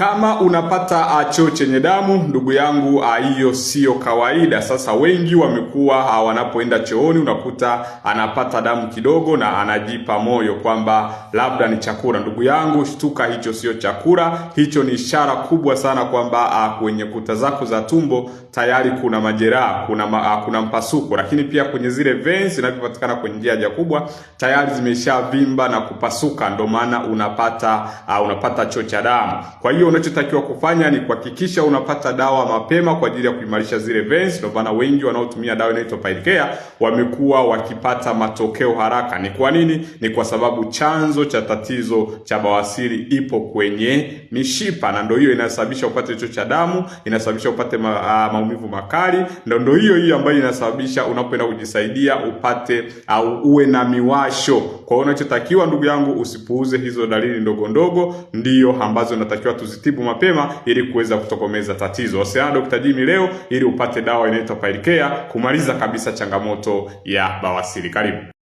Kama unapata choo chenye damu ndugu yangu, ah, hiyo siyo kawaida. Sasa wengi wamekuwa ah, wanapoenda chooni, unakuta anapata damu kidogo na anajipa moyo kwamba labda ni chakula. Ndugu yangu, shtuka, hicho sio chakula, hicho ni ishara kubwa sana kwamba ah, kwenye kuta zako za tumbo tayari kuna majeraha, kuna, ma, kuna mpasuko, lakini pia kwenye zile veins zinavyopatikana kwenye njia haja kubwa tayari zimeshavimba na kupasuka, ndio maana unapata unapata choo cha damu. Kwa hiyo unachotakiwa kufanya ni kuhakikisha unapata dawa mapema kwa ajili ya kuimarisha zile veins. Ndio maana wengi wanaotumia dawa inaitwa Pilecare wamekuwa wakipata matokeo haraka. Ni kwa nini? Ni kwa sababu chanzo cha tatizo cha bawasiri ipo kwenye mishipa, na ndio hiyo inasababisha upate cho cha damu, inasababisha upate ma, a, ah, maumivu makali, ndio ndio hiyo hiyo ambayo inasababisha unapoenda kujisaidia upate au uwe na miwasho. Kwa hiyo unachotakiwa ndugu yangu, usipuuze hizo dalili ndogo ndogo, ndiyo ambazo unatakiwa tuzi kuzitibu mapema ili kuweza kutokomeza tatizo. Wasiliana Dr. Jimmy leo ili upate dawa inaitwa Pilecare kumaliza kabisa changamoto ya bawasiri. Karibu.